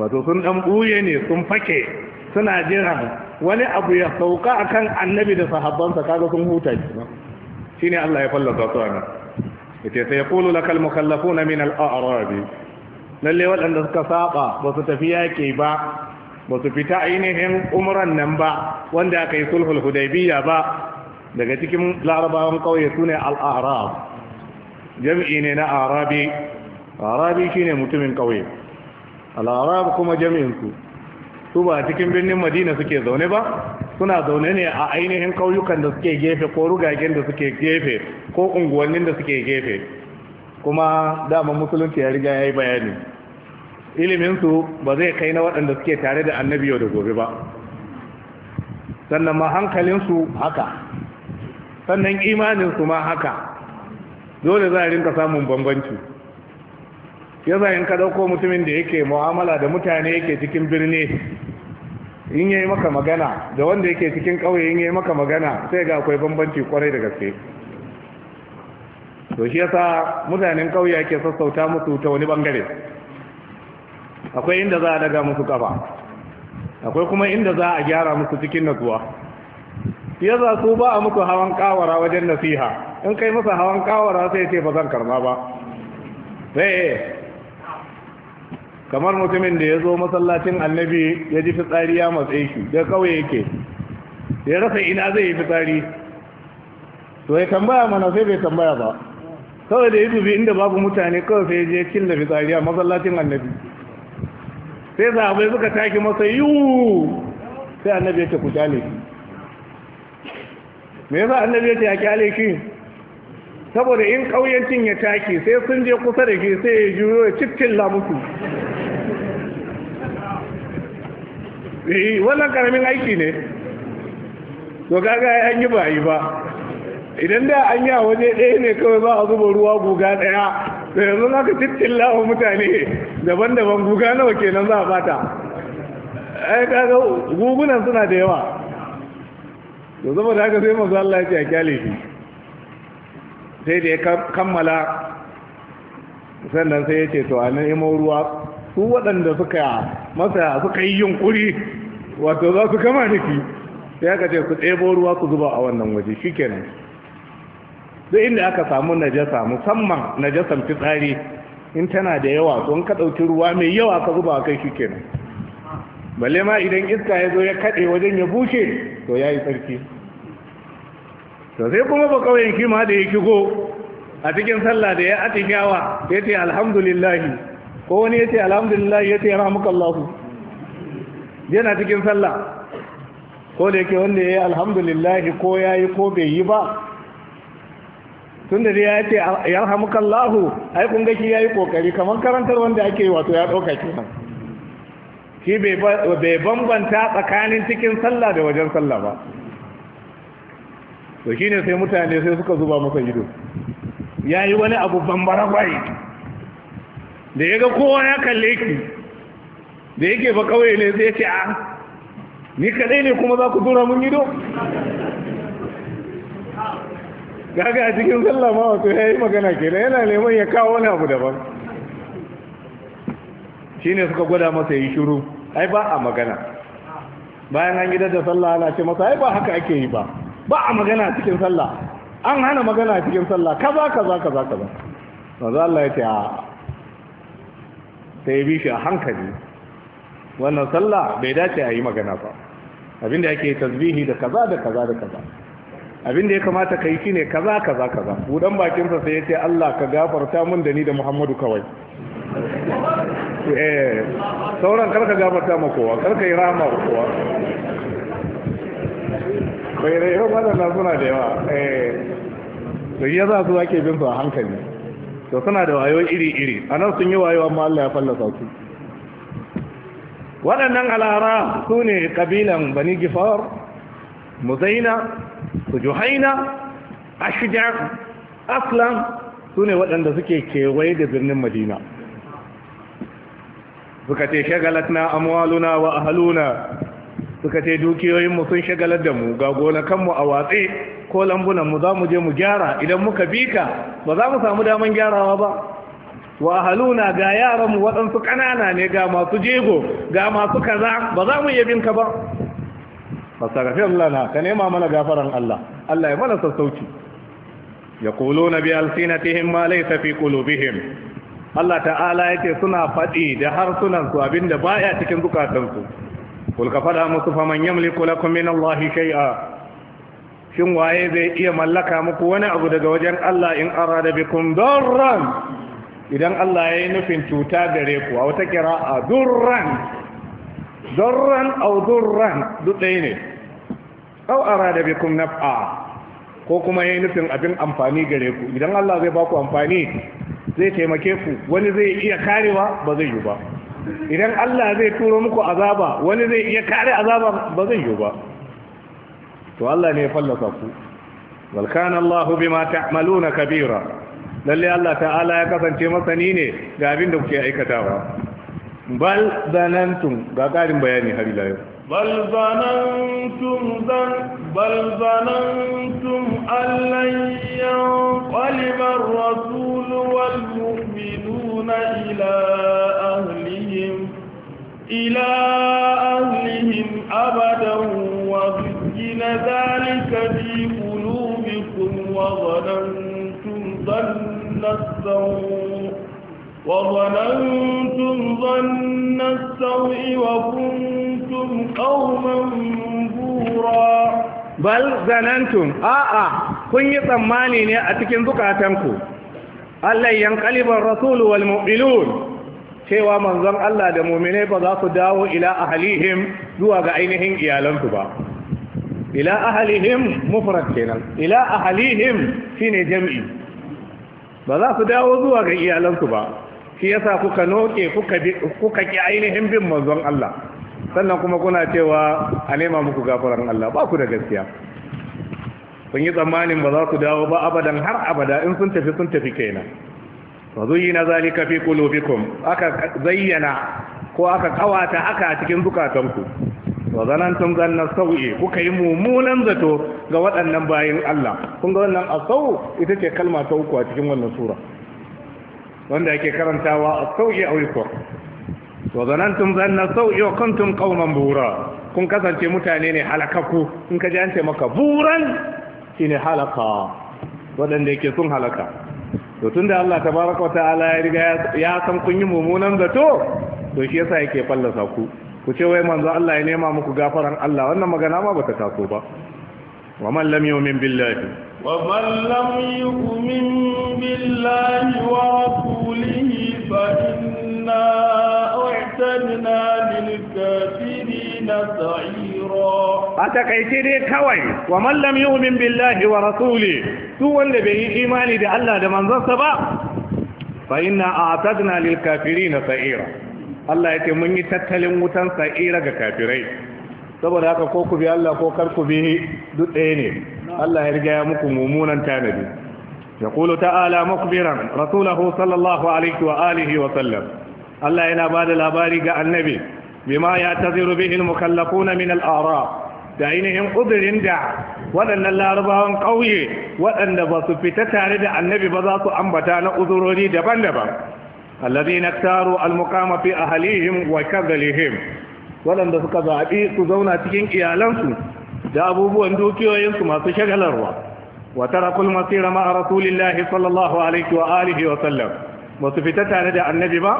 wato sun dan buye ne sun fake suna jira wani abu ya sauka akan annabi da sahabbansa kaga sun huta shi shine Allah ya fallasa su ana yace sai yaqulu lakal mukallafuna min al-a'rab lalle waɗanda suka saba ba su tafi yaki ba ba su fita ainihin umran nan ba wanda aka yi sulhul hudaybiya ba daga cikin larabawan kauye sune al-arab jam'i ne na arabi arabi shine mutumin kauye al kuma jami'in su su ba cikin birnin madina suke zaune ba suna zaune ne a ainihin kauyukan da suke gefe ko rugagen da suke gefe ko unguwannin da suke gefe kuma dama musulunci ya riga ya yi bayani iliminsu ba zai kai na waɗanda suke tare da annabi yau da gobe ba sannan ma hankalinsu haka sannan imaninsu ma haka dole za a rinka samun bambanci ya in ka ɗauko mutumin da yake mu'amala da mutane yake cikin birni in yayi maka magana da wanda yake cikin ƙauye in yayi maka magana sai ga akwai bambanci kwarai da gaske to shi yasa mutanen ƙauye ake sassauta musu ta wani bangare akwai inda za a daga musu kafa akwai kuma inda za a gyara musu cikin natsuwa ya za su ba a musu hawan kawara wajen nasiha in kai masa hawan kawara sai ce ba zan karma ba sai kamar mutumin da ya zo masallacin annabi ya ji fitsari ya matse shi da kawai yake ya rasa ina zai yi fitsari to ya tambaya mana sai bai tambaya ba kawai da ya dubi inda babu mutane kawai sai ya je cin da fitsari a masallacin annabi sai bai suka taki masa yiwu sai annabi ya ce ku kyale me yasa annabi ya ce ya kyale shi saboda in kauyancin ya taki sai sun je kusa da shi sai ya juyo ya cikin lamusu eh, wannan karamin aiki ne to kaga an yi ba yi ba idan da an yi a waje ɗaya ne kawai ba a zuba ruwa guga ɗaya da yanzu za ka wa mutane daban-daban guga nawa kenan za a bata ai kaga gugunan suna da yawa zama saboda haka sai masu Allah ya a kyale shi sai da ya kammala sannan sai ya ce to a nan imo ruwa su waɗanda suka masa suka yi yunkuri wato za su kama da ki sai aka ce ku ɗebo ruwa ku zuba a wannan waje shi kenan. duk inda aka samu najasa musamman najasan fitsari in tana da yawa to in ka ɗauki ruwa mai yawa ka zuba kai shi kenan balle ma idan iska ya zo ya kaɗe wajen ya bushe to ya yi tsarki to sai kuma ba kawai kima da ya shigo a cikin sallah da ya atishawa ya ce alhamdulillahi ko wani ya ce alhamdulillahi ya ce rahmukallahu yana cikin sallah ko da yake wanda ya yi alhamdulillahi ko ya yi ko bai yi ba tun da ya ce ah, ya hamukallahu ai yi ga shi yi kokari kamar karantar wanda ake wato ya ke nan shi bai bambanta tsakanin cikin sallah da wajen sallah ba to shine sai mutane sai suka zuba masa ido yi wani abu bambara bai da ya ga kowa ya kalle ki da yake ba kauye ne sai ya ce a ah, ni kadai ne kuma za ku tura mun ido kaga a cikin sallah ma wato ya yi magana kenan yana neman ya kawo wani abu daban Shi ne suka gwada masa yi shiru ai ba a magana bayan an gidan da sallah ana ce masa ai ba haka ake yi ba ba a magana a cikin sallah an hana magana a cikin sallah kaza kaza kaza kaza manzo Allah ya ce a sai bi shi a hankali wannan sallah bai dace a yi magana ba abinda yake tasbihi da kaza da kaza da kaza abin da ya kamata ka yi shine kaza kaza kaza budan bakin sa sai ya ce Allah ka gafarta mun da ni da Muhammadu kawai eh sauran karka gafarta ma kowa karka yi rahama ma kowa bai da yawan suna da yawa eh da ya za su ake bin su a hankali to suna da wayo iri-iri a nan sun yi wayo amma Allah ya fallasa su waɗannan al'ara su ne ƙabilan bani gifar muzaina su juhaina ashijar aslan su ne waɗanda suke kewaye da birnin madina suka ce na amwaluna wa ahaluna suka ce dukiyoyinmu sun shagalar da mu ga gonakanmu a watsi ko lambunanmu za mu je mu gyara idan muka bi ka ba za mu samu daman gyarawa ba wa ahaluna ga yaranmu waɗansu ƙanana ne ga masu jego ga masu kaza ba za mu iya binka ba fastaghfir lana ka nema mana gafaran Allah Allah ya mana sassauci na bi alsinatihim ma laysa fi qulubihim Allah ta'ala yake suna faɗi da harsunan su abinda baya cikin zukatansu kul ka fada musu faman yamliku lakum min Allah shay'a shin waye zai iya mallaka muku wani abu daga wajen Allah in arada bikum darran idan Allah ya yi nufin cuta gare ku a wata a durran zarran au durran duk ɗaya ne بكم نفعا bikum naf'a ko kuma yayi nufin abin amfani gare ku idan Allah zai baku amfani zai taimake ku wani zai iya karewa ba zai yi ba idan Allah zai turo muku azaba wani zai iya kare azaba ba zai yi ba to Allah ne ya fallasa ku wal kana Allah bima ta'maluna kabira lalle Allah ta'ala ya kasance masani ne ga abin da kuke aikatawa bal zanantum ga karin bayani har ila yau bal zanantum zan bal zanantum allan yanqalima ar-rasul wal mu'minuna ila ahlihim ila ahlihim abadan wa zina zalika bi qulubikum wa zanantum dhanna وظننتم ظن السوء وكنتم قوما بورا بل ظننتم آآ آه kun yi tsammani ne a cikin zukatanku Allah yankaliban rasul wal mu'minun cewa manzon Allah da mu'minai ba za su dawo ila ahlihim zuwa ga ainihin iyalansu ba ila ahlihim mufrad kenan ila ahlihim shine jam'i ba za su dawo zuwa ga iyalansu ba shi yasa kuka noke kuka ki ainihin bin manzon Allah sannan kuma kuna cewa a nema muku gafaran Allah ba ku da gaskiya kun yi tsammanin ba za ku dawo ba abadan har abada in sun tafi sun tafi kenan fa zuyina zalika fi qulubikum aka zayyana ko aka kawata aka a cikin zukatanku wa zanantum zanna sau'i kuka yi mummunan zato ga waɗannan bayin Allah kun ga wannan asau ita ce kalma ta uku a cikin wannan sura wanda ake karantawa a sauƙi a wiko to zanantum zanna sauƙi wa kuntum qauman bura kun kasance mutane ne halakaku in ka ji an ce maka buran shine halaka waɗanda yake sun halaka to tunda Allah tabaraka wa ta'ala ya riga ya san kun yi mummunan zato to shi yasa yake fallasa ku ku ce wai manzo Allah ya nema muku gafaran Allah wannan magana ma bata taso ba ومن لم يؤمن بالله ومن لم يؤمن بالله ورسوله فإنا أعتدنا للكافرين سعيرا أتكيتي دي كوي ومن لم يؤمن بالله ورسوله سوى اللي به إيماني دي الله دي منظر سبا فإنا أعتدنا للكافرين سعيرا الله يتمني تتلم وتنسعيرا كافرين saboda haka ko ku bi Allah ko kar ku bi duk ɗaya ne Allah ya riga ya muku mummunan tanadi kulu ta'ala mukbiran rasulahu sallallahu alaihi wa alihi wa sallam Allah yana bada labari ga annabi bima ya taziru bihi al-mukallafuna min al-a'rab da ainihin uzurin da waɗannan larabawan ƙauye waɗanda ba su fita tare da annabi ba za su ambata na uzurori daban-daban allazi na taro almukama fi ahalihim wa kazalihim waɗanda suka zaɓi su zauna cikin iyalansu da abubuwan dukiyoyinsu masu shagalarwa wa tarakul masira ma'a rasulillahi sallallahu alaihi wa alihi wa sallam ba su fita tare da annabi ba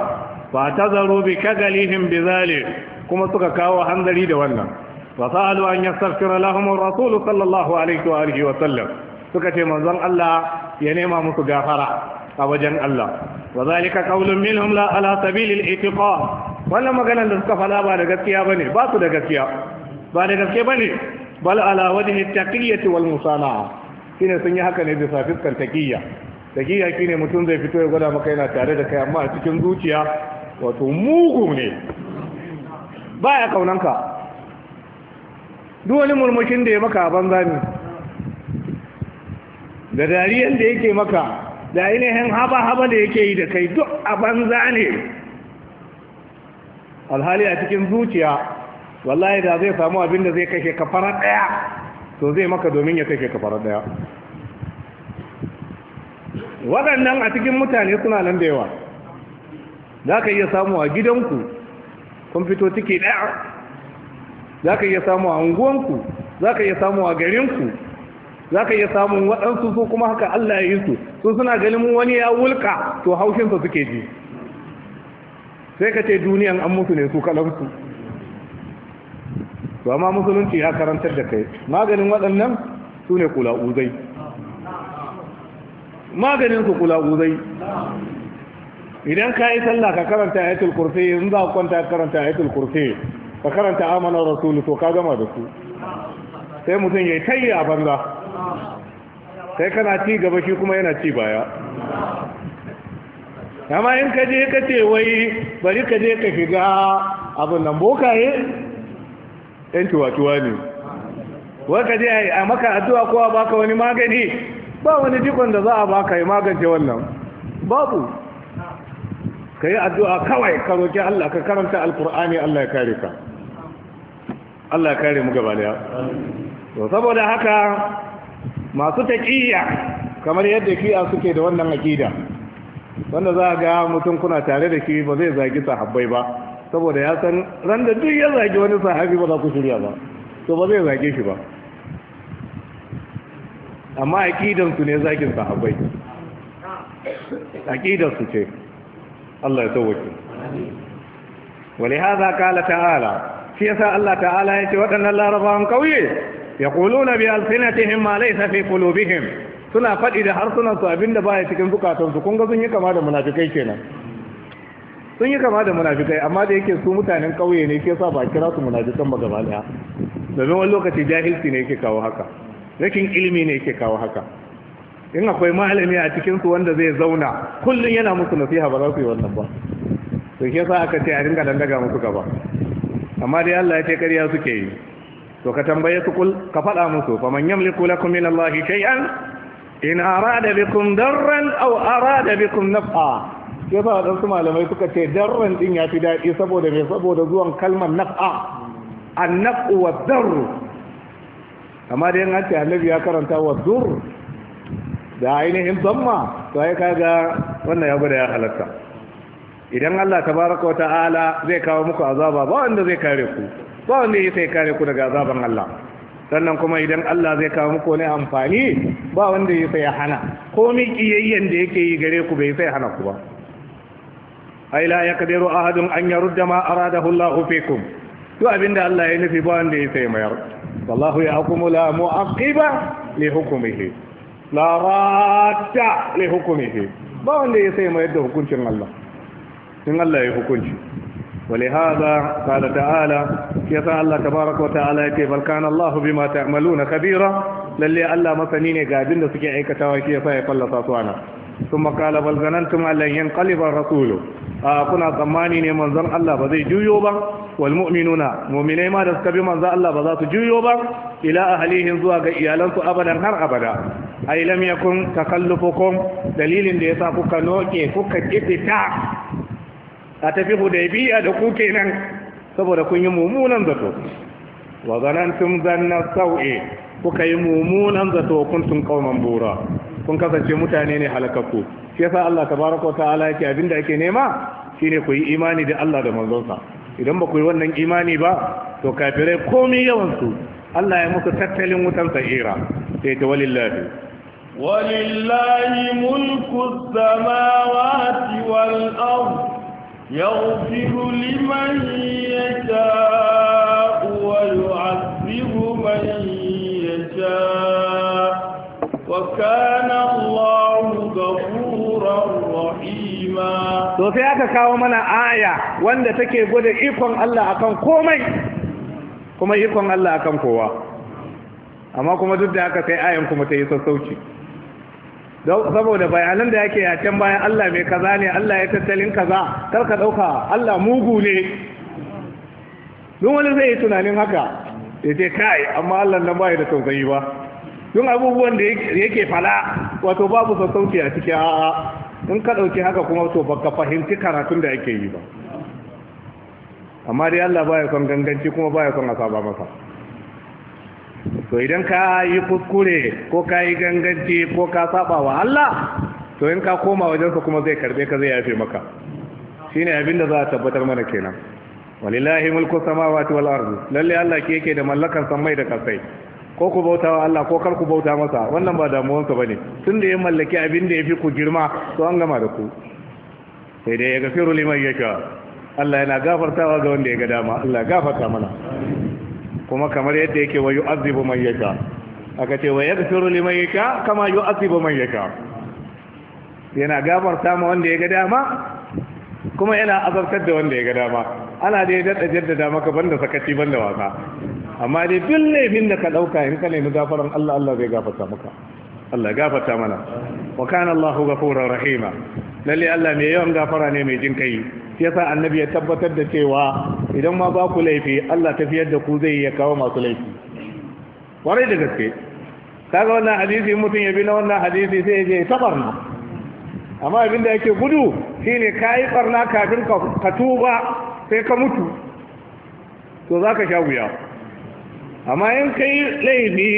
ba ta bi kagalihim bi zalik kuma suka kawo hanzari da wannan wa sa'alu an yastaghfira lahum ar-rasul sallallahu alaihi wa alihi wa sallam suka ce manzon Allah ya nema musu gafara a wajen Allah wa zalika qawlun minhum la ala sabilil itiqad wannan maganar da suka fada ba da gaskiya bane ba su da gaskiya ba da gaske bane bal ala wajhi taqiyyati wal musana'a Kine sun yi haka ne bisa fiskar taqiyya taqiyya shine mutum zai fito ya gwada maka yana tare da kai amma a cikin zuciya wato mugu ne baya kaunanka duk wani murmushin da ya maka a banza ne da dariyan da yake maka da ainihin haba-haba da yake yi da kai duk a banza ne alhali a cikin zuciya wallahi da zai samu abin da zai kashe kafara ɗaya to zai maka domin ya kashe kafara ɗaya waɗannan a cikin mutane suna nan da yawa za ka iya samu a gidanku kun fito za ka iya samu a unguwanku za ka iya samu a garinku za ka iya samun waɗansu su kuma haka Allah ya yi su su suna ganin wani ya wulka to haushinsa suke ji sai ka ce duniyan an mutu ne su kalarsu to amma musulunci ya karantar da kai maganin waɗannan su ne kula uzai maganin su kula uzai idan ka yi sallah ka karanta ayatul kursi in za ka kwanta karanta ayatul ka karanta amanar rasulu to ka gama da su sai mutum ya yi tayya a banza Sai kana ci gaba shi kuma yana ci baya amma in ka je ka ce wai bari ka je ka shiga abin nan bokaye yan ciwatuwa ne wai ka je a maka addu'a ko a baka wani magani ba wani jikon da za a baka ya magance wannan babu ka yi addu'a kawai ka roƙi Allah ka karanta alkur'ani Allah ya kare ka Allah ya kare mu gaba daya saboda haka masu taƙiyya kamar yadda shi'a suke da wannan aƙida wanda za ga mutum kuna tare da shi ba zai zagi sahabbai ba saboda ya san ran da duk ya zagi wani sahabi ba za ku shirya ba to ba zai zage shi ba amma aƙidansu ne zagin sahabbai aƙidansu ce Allah ya sauwake wa lihaza qala ta'ala shi yasa Allah ta'ala ya ce waɗannan larabawan ƙauye yaquluna bi alsinatihim ma laysa fi qulubihim suna faɗi da harsunan su abinda baya cikin zukatan su kun ga sun yi kama da munafikai kenan sun yi kama da munafikai amma da yake su mutanen kauye ne ke sa ba kira su munafikan ba gaba daya domin wani lokaci jahilci ne yake kawo haka rakin ilimi ne yake kawo haka in akwai malami a cikin su wanda zai zauna kullun yana musu nasiha ba za su yi wannan ba to ke sa aka ce a dinga dandaga musu gaba amma dai Allah ya ce ƙarya suke yi to ka tambaye su kul ka faɗa musu fa man yamliku lakum min allahi shay'an in arada bikum darran aw arada bikum naf'a ya ba dan su malamai suka ce darran din ya fi dadi saboda me saboda zuwan kalmar naf'a an-naf'u wa darr amma dai an ce annabi ya karanta wa darr da ainihin zamma to ai kaga wannan ya gwada ya halatta idan Allah tabaraka wa ta'ala zai kawo muku azaba ba wanda zai kare ku ba wanda ya sai kare ku daga azaban Allah sannan kuma idan Allah zai kaamu muku wani amfani ba wanda ya sai hana komai kiyayyen da yake yi gare ku bai sai hana ku ba ai la yaqdiru ahadun an yarudda ma aradahu Allahu fikum duk abinda Allah ya nufi ba wanda ya sai mayar wallahu yahkumu la mu'aqiba li la radda li hukmihi ba wanda ya sai mayar hukuncin Allah in Allah ya hukunci ولهذا قال تعالى يسا الله تبارك وتعالى يتي بل كان الله بما تعملون خبيرا للي الله مثنين قادين لسكي عيكة تواشي يسا يقل ساسوانا ثم قال بل ظننتم أن لن ينقلب الرسول كنا ضماني من ظن الله بذي جيوبا والمؤمنون مؤمنين ما تسكبي من ظن الله بذات جيوبا إلى أهليهم زواج إيالنسوا أبدا هر أبدا أي لم يكن تخلفكم دليل ليسا فكنوكي فكت إفتاع a tafi hudaybiya da ku kenan saboda kun yi mummunan zato wa zanantum zanna sau'i kuka yi mummunan zato kuntum qauman bura kun kasance mutane ne halakakku shi yasa Allah tabaraka ta'ala yake da ake nema shine ku yi imani da Allah da manzonsa idan ba ku yi wannan imani ba to kafirai komai yawan su Allah ya musu tattalin wutan sa'ira sai ta walillahi ولله ملك السماوات والأرض يغفر لمن يشاء ويعذب من يشاء وكان الله غفورا رحيما to sai aka kawo mana aya wanda take gwada ikon Allah akan komai kuma ikon Allah akan kowa amma kuma duk da haka sai ayan kuma ta yi sassauci saboda bayanan da yake yaken bayan Allah mai kaza ne Allah ya tattalin kaza kar ka ɗauka Allah mugu ne don wani zai yi tunanin haka ya ce kai amma Allah nan ba da tausayi ba don abubuwan da yake fala wato babu sassauci a cikin a'a in ka ɗauki haka kuma to baka fahimci karatun da yake yi ba amma dai Allah baya son ganganci kuma baya ya son a masa to idan ka yi kuskure ko ka yi ganganci ko ka saba wa Allah to in ka koma wajensa kuma zai karbe ka zai yafe maka shine abin da za a tabbatar mana kenan walillahi mulku samawati wal ardi lalle Allah ke yake da mallakar samai da kasai ko ku bauta wa Allah ko kar ku bauta masa wannan ba damuwansa ba ne tun da ya mallaki abin da ya fi ku girma to an gama da ku sai dai ya gafiru liman yasha Allah yana gafartawa ga wanda ya ga dama Allah gafarta mana kuma kamar yadda yake wa yu'azzibu man yasha aka ce wa yaghfiru liman yasha kama yu'azzibu man yasha yana gafarta ma wanda ya ga dama kuma yana azabtar da wanda ya ga dama ana dai daɗa jaddada maka banda sakaci banda wasa amma dai duk laifin da ka ɗauka in ka nemi gafaran Allah Allah zai gafarta maka Allah gafarta mana wa kana Allahu ghafurur rahima lalle Allah mai yawan gafara ne mai jin kai yasa annabi ya tabbatar da cewa idan ma ba ku laifi Allah tafiyar da ku zai ya kawo masu laifi warai da gaske kaga wannan hadisi mutum ya bi na wannan hadisi sai ya je ta barna amma abin da yake gudu shine ka yi barna kafin ka tuba sai ka mutu to za ka sha wuya amma in ka yi laifi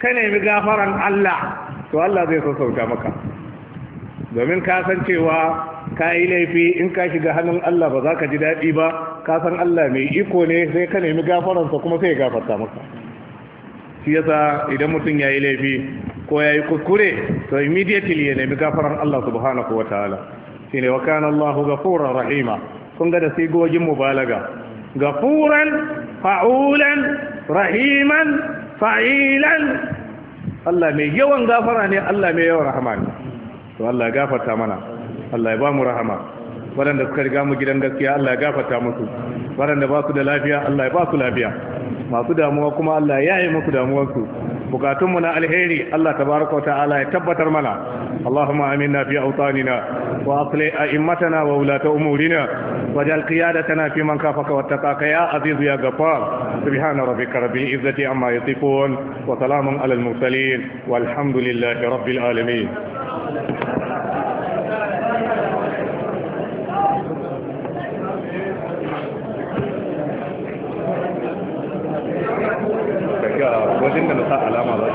ka nemi gafaran Allah to Allah zai sassauta maka domin ka san cewa ka yi laifi in ka shiga hannun Allah ba za ka ji daɗi ba ka san Allah mai iko ne sai ka nemi gafaransa kuma sai ya gafarta maka shi yasa idan mutum ya yi laifi ko ya yi kuskure to immediately ya nemi gafaran Allah subhanahu wa ta'ala shi ne wa kana Allahu gafuran rahima kun ga da sigogin mubalaga gafuran fa'ulan rahiman fa'ilan Allah mai yawan gafara ne Allah mai yawan rahama ne to Allah ya gafarta mana Allah ya ba mu rahama waɗanda suka riga mu gidan gaskiya Allah ya gafarta musu waɗanda ba su da lafiya Allah ya ba su lafiya masu damuwa kuma Allah ya yi damuwarsu bukatunmu na alheri Allah tabaraka wa ta'ala ya tabbatar mana Allahumma aminna fi awtanina wa aslih a'immatana wa ulata umurina waj'al qiyadatana fi man kafaka wattaqaka ya aziz ya ghafar subhana rabbika rabbil izzati amma yasifun wa salamun alal mursalin walhamdulillahi rabbil alamin wajen da na sa alama ba